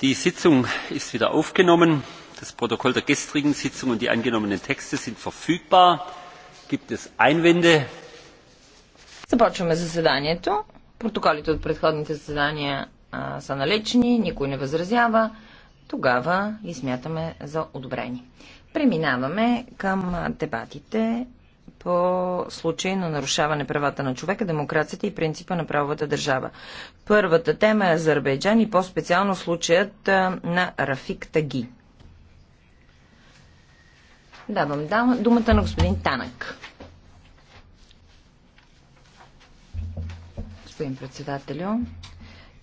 die sitzung ist wieder aufgenommen. das protokoll der gestrigen sitzung und die angenommenen texte sind verfügbar. gibt es einwände? Започваме заседанието. Протоколите от предходните заседания а, са налични, никой не възразява. Тогава ги смятаме за одобрени. Преминаваме към дебатите по случай на нарушаване правата на човека, демокрацията и принципа на правовата държава. Първата тема е Азербайджан и по-специално случаят на Рафик Таги. Давам думата на господин Танък. Господин председателю,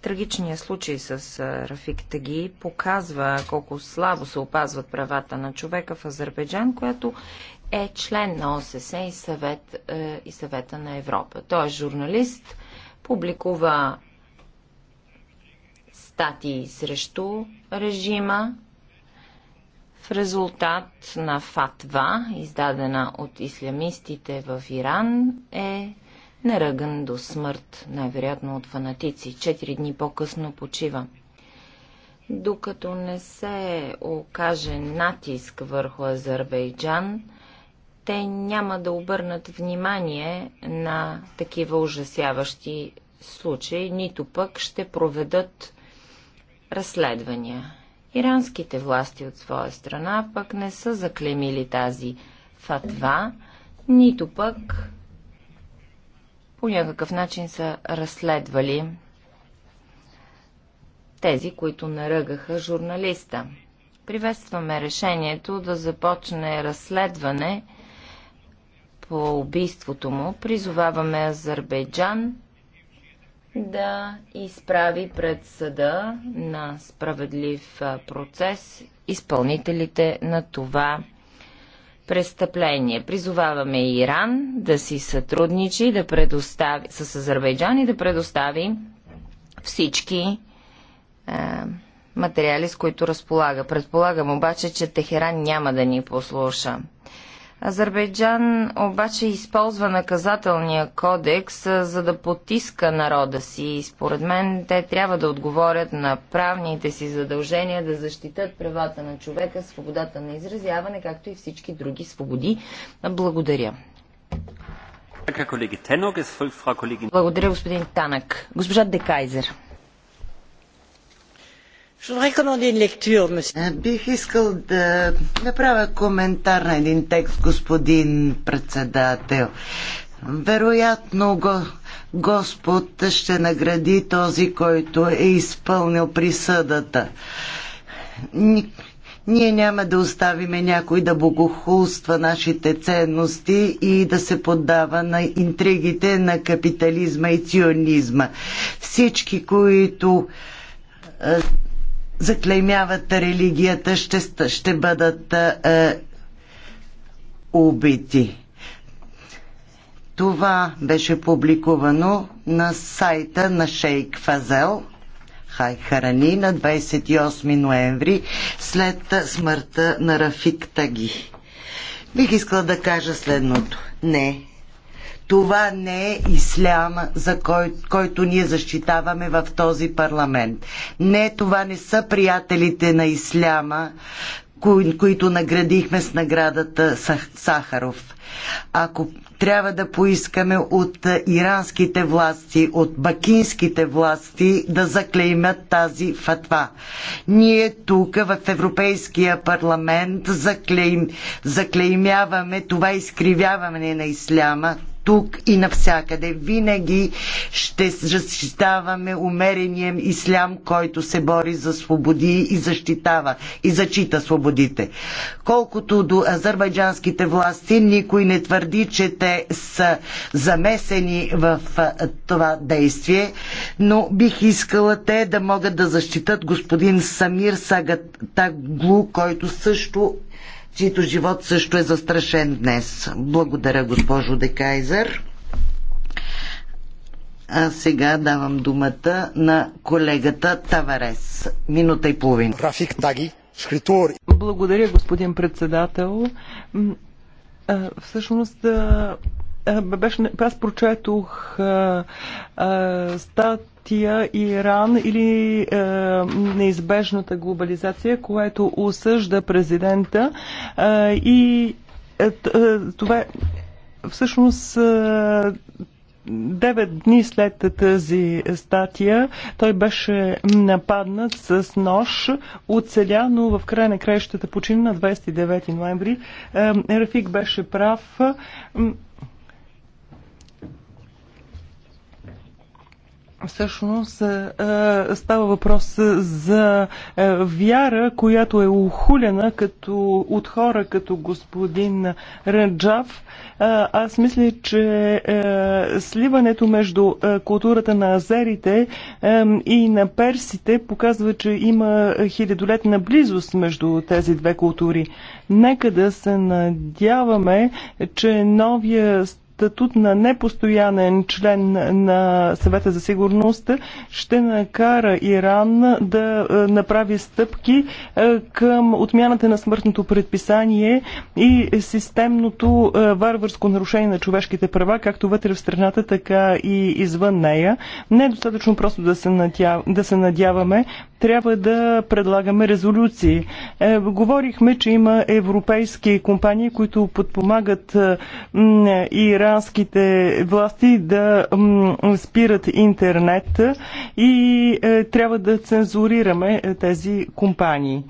трагичният случай с Рафик Таги показва колко слабо се опазват правата на човека в Азербайджан, което е член на ОССЕ и, съвет, е, и съвета на Европа. Той е журналист, публикува статии срещу режима в резултат на фатва, издадена от ислямистите в Иран, е наръган до смърт, най-вероятно от фанатици. Четири дни по-късно почива. Докато не се окаже натиск върху Азербайджан, те няма да обърнат внимание на такива ужасяващи случаи, нито пък ще проведат разследвания. Иранските власти от своя страна пък не са заклемили тази фатва, нито пък по някакъв начин са разследвали тези, които наръгаха журналиста. Приветстваме решението да започне разследване по убийството му, призоваваме Азербайджан да изправи пред съда на справедлив процес изпълнителите на това престъпление. Призоваваме Иран да си сътрудничи да предостави, с Азербайджан и да предостави всички е, материали, с които разполага. Предполагам обаче, че Техеран няма да ни послуша. Азербайджан обаче използва наказателния кодекс, за да потиска народа си и според мен те трябва да отговорят на правните си задължения да защитат правата на човека, свободата на изразяване, както и всички други свободи. Благодаря. Благодаря, господин Танък. Госпожа Декайзер. Е, бих искал да направя коментар на един текст, господин председател. Вероятно го, Господ ще награди този, който е изпълнил присъдата. Ние няма да оставиме някой да богохулства нашите ценности и да се поддава на интригите на капитализма и ционизма. Всички, които е, заклеймяват религията, ще, ще бъдат е, убити. Това беше публикувано на сайта на Шейк Фазел Хай Харани на 28 ноември след смъртта на Рафик Таги. Бих искала да кажа следното. Не, това не е ислям, за кой, който ние защитаваме в този парламент. Не, това не са приятелите на исляма, кои, които наградихме с наградата Сахаров. Ако трябва да поискаме от иранските власти, от бакинските власти да заклеймят тази фатва. Ние тук в Европейския парламент заклейм, заклеймяваме това изкривяване на исляма, тук и навсякъде. Винаги ще защитаваме умерения ислям, който се бори за свободи и защитава и зачита свободите. Колкото до азербайджанските власти, никой не твърди, че те са замесени в това действие, но бих искала те да могат да защитат господин Самир Сагатаглу, който също чието живот също е застрашен днес. Благодаря, госпожо Декайзер. А сега давам думата на колегата Таварес. Минута и половина. Рафик Таги, шкритур. Благодаря, господин председател. Всъщност, беше, аз прочетох стат Русия, Иран или е, неизбежната глобализация, което осъжда президента е, и е, е това е, всъщност е, Девет дни след тази статия той беше нападнат с нож, оцеля, но в края на краищата почина на 29 ноември. Е, Рафик беше прав. Всъщност е, е, става въпрос за е, вяра, която е ухулена като, от хора като господин Раджав. Аз мисля, че сливането между културата на азерите и на персите показва, че има хилядолетна близост между тези две култури. Нека да се надяваме, че новия статут на непостоянен член на съвета за сигурност ще накара Иран да е, направи стъпки е, към отмяната на смъртното предписание и системното е, варварско нарушение на човешките права, както вътре в страната, така и извън нея. Не е достатъчно просто да се, надяв... да се надяваме, трябва да предлагаме резолюции. Е, говорихме, че има европейски компании, които подпомагат Иран иранските власти да спират интернет и е, трябва да цензурираме е, тези компании.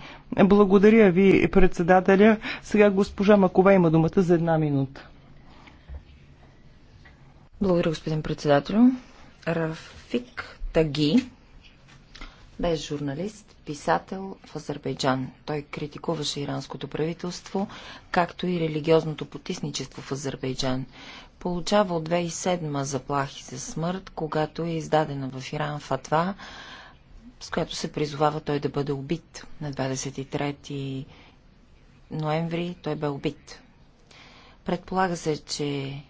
Благодаря ви, председателя. Сега госпожа Макова има думата за една минута. Благодаря, господин председател. Рафик Таги бе журналист, писател в Азербайджан. Той критикуваше иранското правителство, както и религиозното потисничество в Азербайджан. Получава от 2007 заплахи за смърт, когато е издадена в Иран фатва, с която се призовава той да бъде убит. На 23 ноември той бе убит. Предполага се, че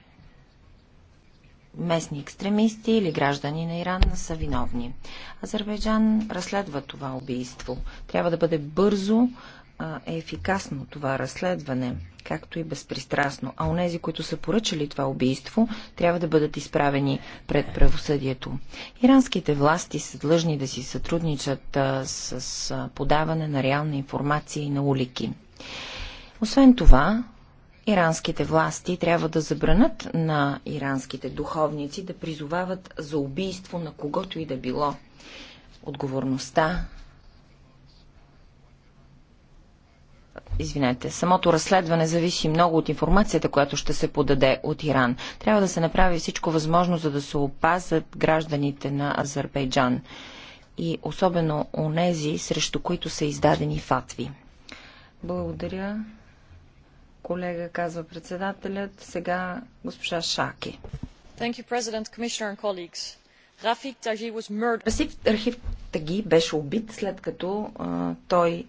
местни екстремисти или граждани на Иран са виновни. Азербайджан разследва това убийство. Трябва да бъде бързо е ефикасно това разследване, както и безпристрастно. А онези, които са поръчали това убийство, трябва да бъдат изправени пред правосъдието. Иранските власти са длъжни да си сътрудничат с подаване на реална информация и на улики. Освен това, Иранските власти трябва да забранят на иранските духовници да призовават за убийство на когото и да било. Отговорността извинете, самото разследване зависи много от информацията, която ще се подаде от Иран. Трябва да се направи всичко възможно, за да се опазят гражданите на Азербайджан и особено нези, срещу които са издадени фатви. Благодаря колега, казва председателят. Сега госпожа Шаки. Thank you, President, Commissioner and colleagues. Рафик Таги was murdered. Таги беше убит след като а, той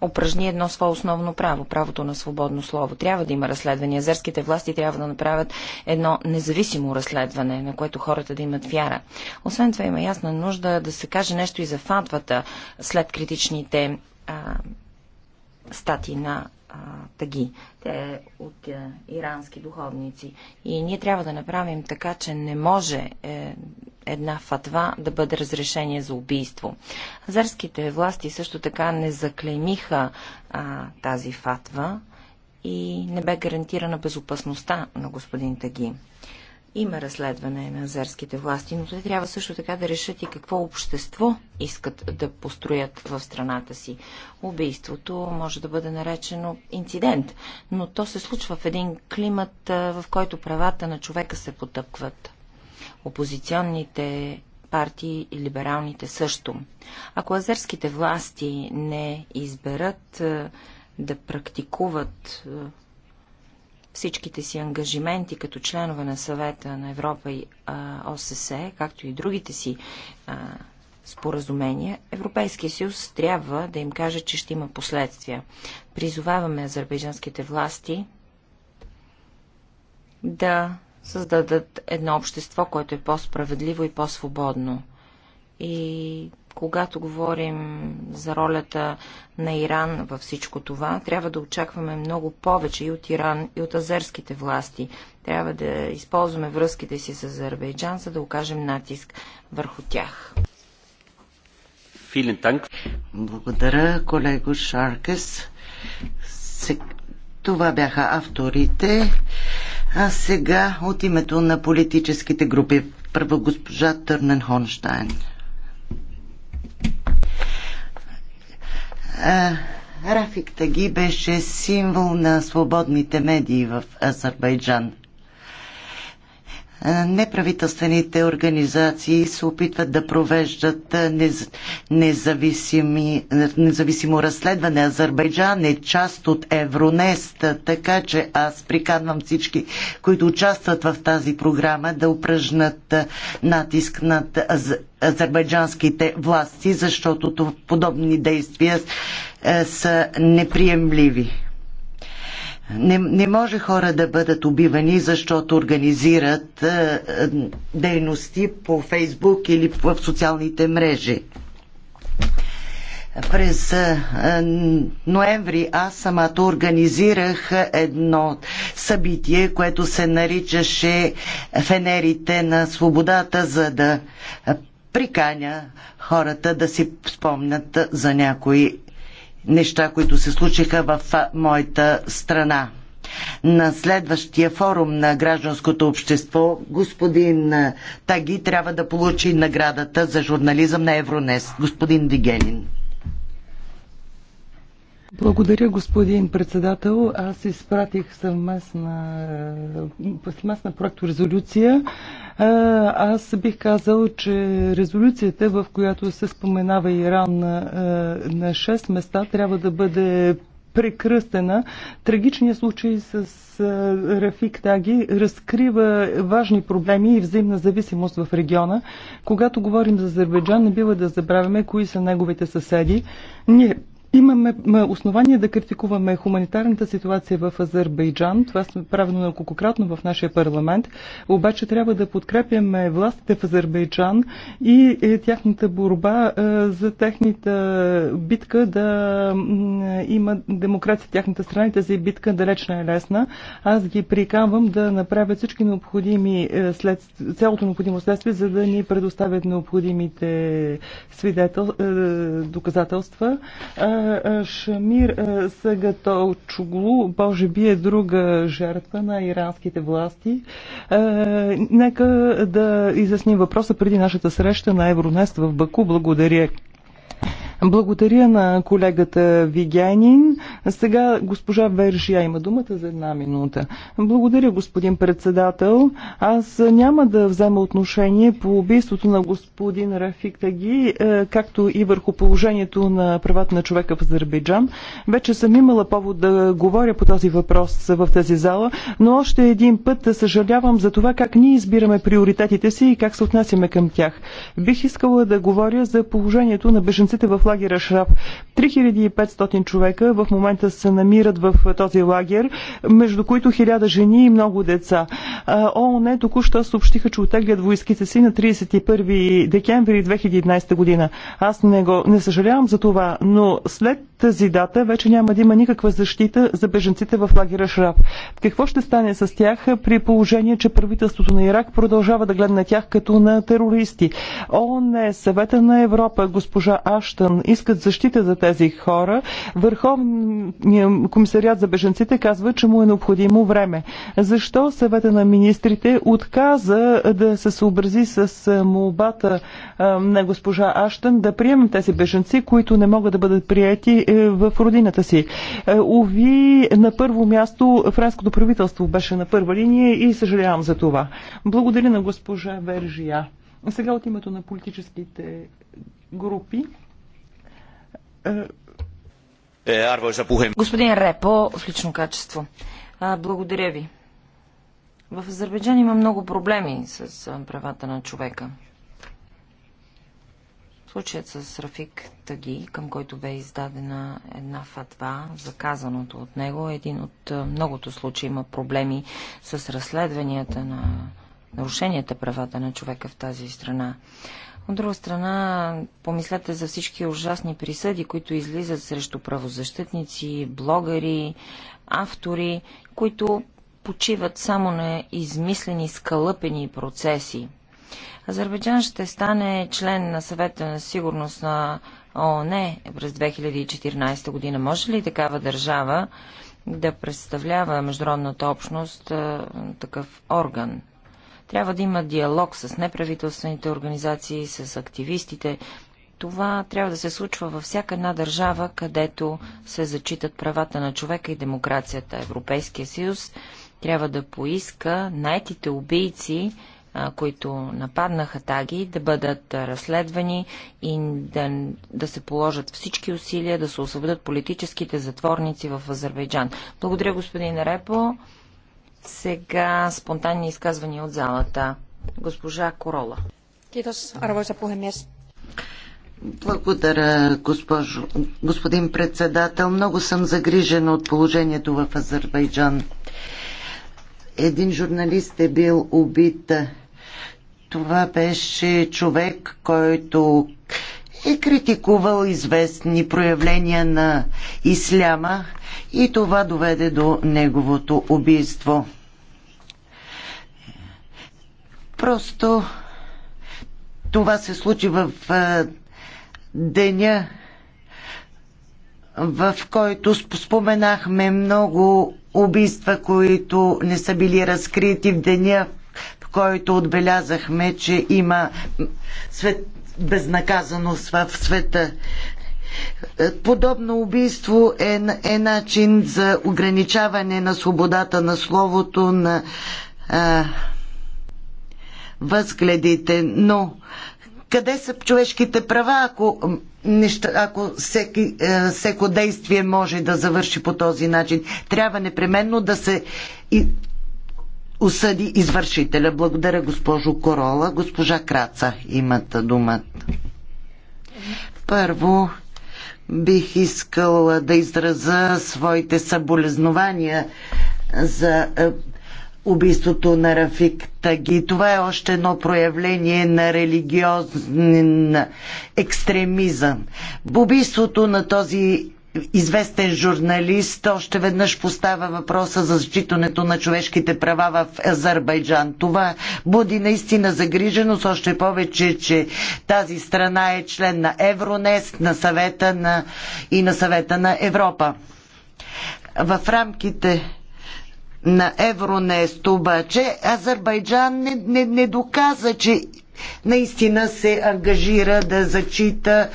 упражни едно свое основно право, правото на свободно слово. Трябва да има разследване. Азерските власти трябва да направят едно независимо разследване, на което хората да имат вяра. Освен това има ясна нужда да се каже нещо и за фатвата след критичните а, стати на таги. Те е от а, ирански духовници. И ние трябва да направим така, че не може е, една фатва да бъде разрешение за убийство. Азерските власти също така не заклеймиха а, тази фатва и не бе гарантирана безопасността на господин Таги. Има разследване на азерските власти, но те трябва също така да решат и какво общество искат да построят в страната си. Убийството може да бъде наречено инцидент, но то се случва в един климат, в който правата на човека се потъпкват. Опозиционните партии и либералните също. Ако азерските власти не изберат да практикуват всичките си ангажименти като членове на съвета на Европа и ОССЕ, както и другите си а, споразумения, Европейския съюз трябва да им каже, че ще има последствия. Призоваваме азербайджанските власти да създадат едно общество, което е по-справедливо и по-свободно. И когато говорим за ролята на Иран във всичко това, трябва да очакваме много повече и от Иран, и от азерските власти. Трябва да използваме връзките си с Азербайджан, за да окажем натиск върху тях. Благодаря, колего Шаркес. Това бяха авторите. А сега от името на политическите групи. Първо госпожа Търнен Хонштайн. Рафик Таги беше символ на свободните медии в Азербайджан. Е, неправителствените организации се опитват да провеждат е, е, независимо разследване. Азербайджан е част от Евронест, така че аз приканвам всички, които участват в тази програма, да упражнат натиск над азербайджанските власти, защото подобни действия са неприемливи. Не, не може хора да бъдат убивани, защото организират е, е дейности по Фейсбук или в социалните мрежи. През е, е, ноември аз самата организирах едно събитие, което се наричаше Фенерите на свободата, за да приканя хората да си спомнят за някои неща, които се случиха в моята страна. На следващия форум на гражданското общество господин Таги трябва да получи наградата за журнализъм на Евронес. Господин Вигелин. Благодаря, господин председател. Аз изпратих съвместна, съвместна проекторезолюция. Аз бих казал, че резолюцията, в която се споменава Иран на, на 6 места, трябва да бъде прекръстена. Трагичният случай с Рафик Таги разкрива важни проблеми и взаимна зависимост в региона. Когато говорим за Азербайджан, не бива да забравяме кои са неговите съседи. Ние Имаме основание да критикуваме хуманитарната ситуация в Азербайджан. Това сме правено неколкократно в нашия парламент. Обаче трябва да подкрепяме властите в Азербайджан и е, тяхната борба е, за техните е, битка да има демокрация в тяхната страна и тази битка далеч не е лесна. Аз ги приканвам да направят всички необходими след, цялото необходимо следствие, за да ни предоставят необходимите свидетел, доказателства Шамир Сагато Чуглу, Боже би е друга жертва на иранските власти. Нека да изясним въпроса преди нашата среща на Евронест в Баку. Благодаря. Благодаря на колегата Вигенин. Сега госпожа Вержия има думата за една минута. Благодаря, господин председател. Аз няма да взема отношение по убийството на господин Рафик Таги, е, както и върху положението на правата на човека в Азербайджан. Вече съм имала повод да говоря по този въпрос в тази зала, но още един път съжалявам за това как ние избираме приоритетите си и как се отнасяме към тях. Бих искала да говоря за положението на беженците в лагера Шраф. 3500 човека в момента се намират в е, този лагер, между които 1000 жени и много деца. ООН току-що съобщиха, че отеглят войските си на 31 декември 2011 година. Аз не, го, не съжалявам за това, но след тази дата вече няма да има никаква защита за беженците в лагера Шраф. Какво ще стане с тях при положение, че правителството на Ирак продължава да гледа на тях като на терористи? ООН, е Съвета на Европа, госпожа Аштън искат защита за тези хора. Върховният комисариат за беженците казва, че му е необходимо време. Защо съвета на министрите отказа да се съобрази с молбата на госпожа Аштън да приемем тези беженци, които не могат да бъдат прияти е, в родината си? Ови, е, на първо място френското правителство беше на първа линия и съжалявам за това. Благодаря на госпожа Вержия. Сега от името на политическите групи. Е, Господин Репо, в лично качество. Благодаря ви. В Азербайджан има много проблеми с правата на човека. Случаят с Рафик Таги, към който бе издадена една фатва, заказаното от него, е един от многото случаи има проблеми с разследванията на нарушенията правата на човека в тази страна. От друга страна, помислете за всички ужасни присъди, които излизат срещу правозащитници, блогъри, автори, които почиват само на измислени, скалъпени процеси. Азербайджан ще стане член на съвета на сигурност на ООН през 2014 година. Може ли такава държава да представлява международната общност такъв орган? Трябва да има диалог с неправителствените организации, с активистите. Това трябва да се случва във всяка една държава, където се зачитат правата на човека и демокрацията. Европейския съюз трябва да поиска найтите убийци които нападнаха Таги, да бъдат разследвани и да, да се положат всички усилия да се освободят политическите затворници в Азербайджан. Благодаря, господин Репо. Сега спонтанни изказвания от залата. Госпожа Корола. Арвоза Благодаря, госпожо, господин председател. Много съм загрижена от положението в Азербайджан. Един журналист е бил убит. Това беше човек, който е критикувал известни проявления на исляма и това доведе до неговото убийство. Просто това се случи в деня, в който споменахме много убийства, които не са били разкрити в деня, в който отбелязахме, че има свет, безнаказаност в света. Подобно убийство е, е начин за ограничаване на свободата на словото, на а, възгледите, но къде са човешките права, ако, неща, ако всеки, всеко действие може да завърши по този начин? Трябва непременно да се осъди извършителя. Благодаря, госпожо Корола. Госпожа Краца, имате думата. Първо, бих искала да израза своите съболезнования за е, убийството на Рафик Таги. Това е още едно проявление на религиозен екстремизъм. Убийството на този известен журналист още веднъж поставя въпроса за зачитането на човешките права в Азербайджан. Това буди наистина загриженост, още повече, че тази страна е член на Евронест на съвета на... и на съвета на Европа. В рамките на Евронест обаче Азербайджан не, не, не доказа, че наистина се ангажира да зачита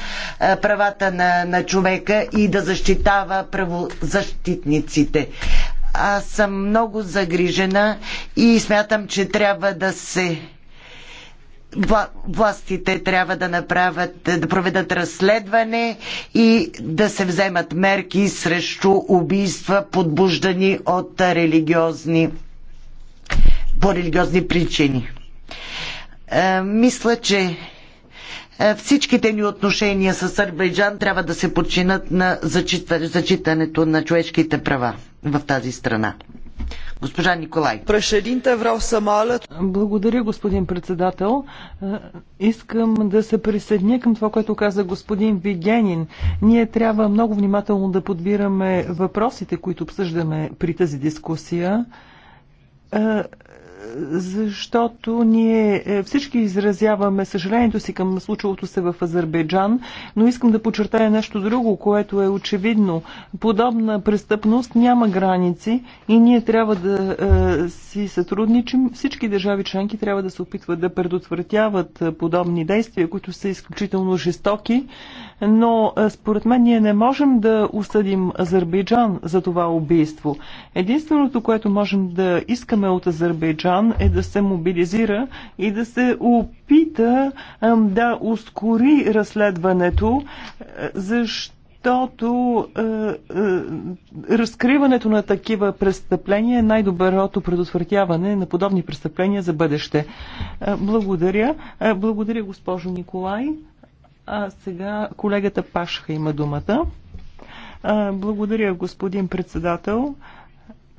правата на, на човека и да защитава правозащитниците. Аз съм много загрижена и смятам, че трябва да се властите трябва да направят, да проведат разследване и да се вземат мерки срещу убийства, подбуждани от религиозни по религиозни причини. Е, мисля, че е, всичките ни отношения с Азербайджан трябва да се подчинат на зачитането на човешките права в тази страна. Госпожа Николай. Благодаря, господин председател. Е, искам да се присъединя към това, което каза господин Вигенин. Ние трябва много внимателно да подбираме въпросите, които обсъждаме при тази дискусия защото ние е, всички изразяваме съжалението си към случилото се в Азербайджан, но искам да подчертая нещо друго, което е очевидно. Подобна престъпност няма граници и ние трябва да е, си сътрудничим. Всички държави членки трябва да се опитват да предотвратяват е, подобни действия, които са изключително жестоки, но според мен ние не можем да осъдим Азербайджан за това убийство. Единственото, което можем да искаме от Азербайджан, план е да се мобилизира и да се опита да ускори разследването, е, защото защото е, е, разкриването на такива престъпления е най-доброто предотвратяване на подобни престъпления за бъдеще. благодаря. благодаря, госпожо Николай. А сега колегата Пашха има думата. благодаря, господин председател.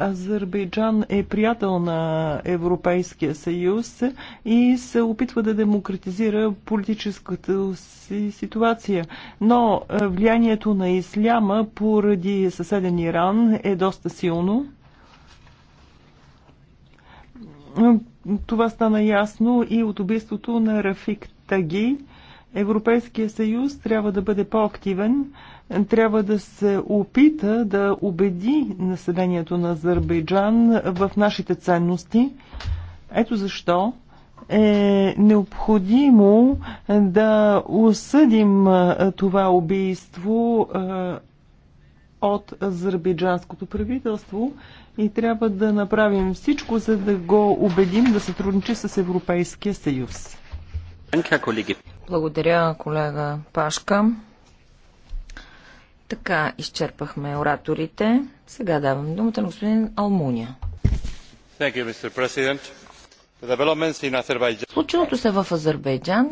Азербайджан е приятел на Европейския съюз и се опитва да демократизира политическата си ситуация. Но е, влиянието на исляма поради съседен Иран е доста силно. Това стана ясно и от убийството на Рафик Таги. Европейския съюз трябва да бъде по-активен, трябва да се опита да убеди населението на Азербайджан в нашите ценности. Ето защо е необходимо да осъдим това убийство от азербайджанското правителство и трябва да направим всичко, за да го убедим да сътрудничи с Европейския съюз. Благодаря, колега Пашка. Така, изчерпахме ораторите. Сега давам думата на господин Алмуния. Случилото се в Азербайджан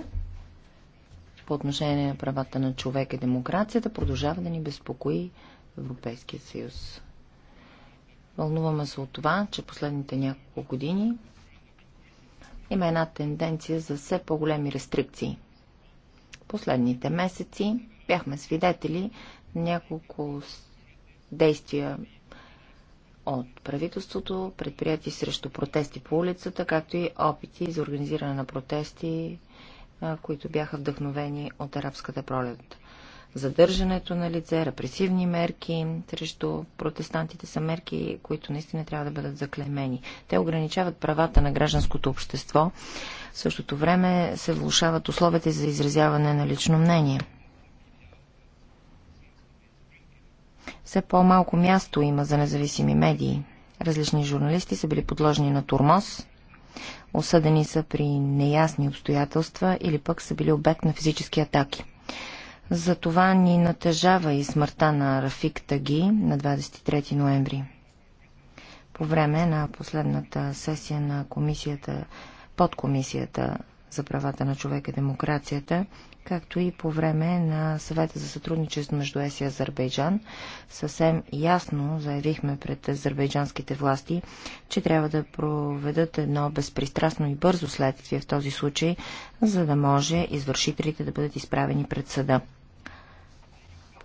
по отношение на правата на човек и демокрацията продължава да ни безпокои Европейския съюз. Вълнуваме се от това, че последните няколко години има една тенденция за все по-големи рестрикции. Последните месеци бяхме свидетели на няколко действия от правителството, предприяти срещу протести по улицата, както и опити за организиране на протести, които бяха вдъхновени от арабската пролет задържането на лице, репресивни мерки срещу протестантите са мерки, които наистина трябва да бъдат заклемени. Те ограничават правата на гражданското общество, в същото време се влушават условията за изразяване на лично мнение. Все по-малко място има за независими медии. Различни журналисти са били подложени на турмоз, осъдени са при неясни обстоятелства или пък са били обект на физически атаки. За това ни натежава и смъртта на Рафик Таги на 23 ноември. По време на последната сесия на комисията, подкомисията за правата на човека и демокрацията, както и по време на съвета за сътрудничество между ЕС и Азербайджан, съвсем ясно заявихме пред азербайджанските власти, че трябва да проведат едно безпристрастно и бързо следствие в този случай, за да може извършителите да бъдат изправени пред съда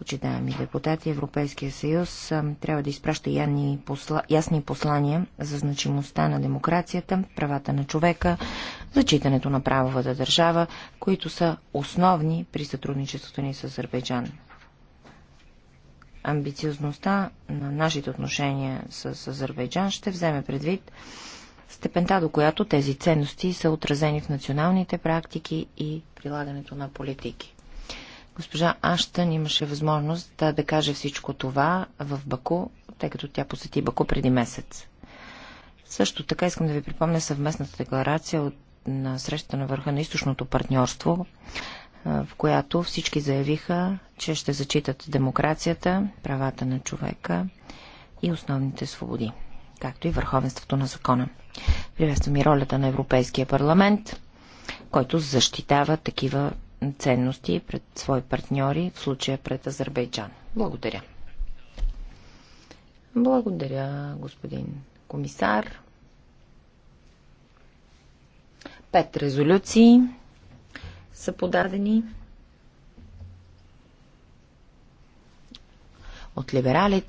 почитаеми депутати, Европейския съюз трябва да изпраща посла... ясни послания за значимостта на демокрацията, правата на човека, зачитането на правовата държава, които са основни при сътрудничеството ни с Азербайджан. Амбициозността на нашите отношения с Азербайджан ще вземе предвид степента до която тези ценности са отразени в националните практики и прилагането на политики. Госпожа Аштън имаше възможност да, да каже всичко това в Баку, тъй като тя посети Баку преди месец. Също така искам да ви припомня съвместната декларация от, на срещата на върха на източното партньорство, в която всички заявиха, че ще зачитат демокрацията, правата на човека и основните свободи, както и върховенството на закона. Приветствам и ролята на Европейския парламент, който защитава такива ценности пред свои партньори, в случая пред Азербайджан. Благодаря. Благодаря, господин комисар. Пет резолюции са подадени от либералите.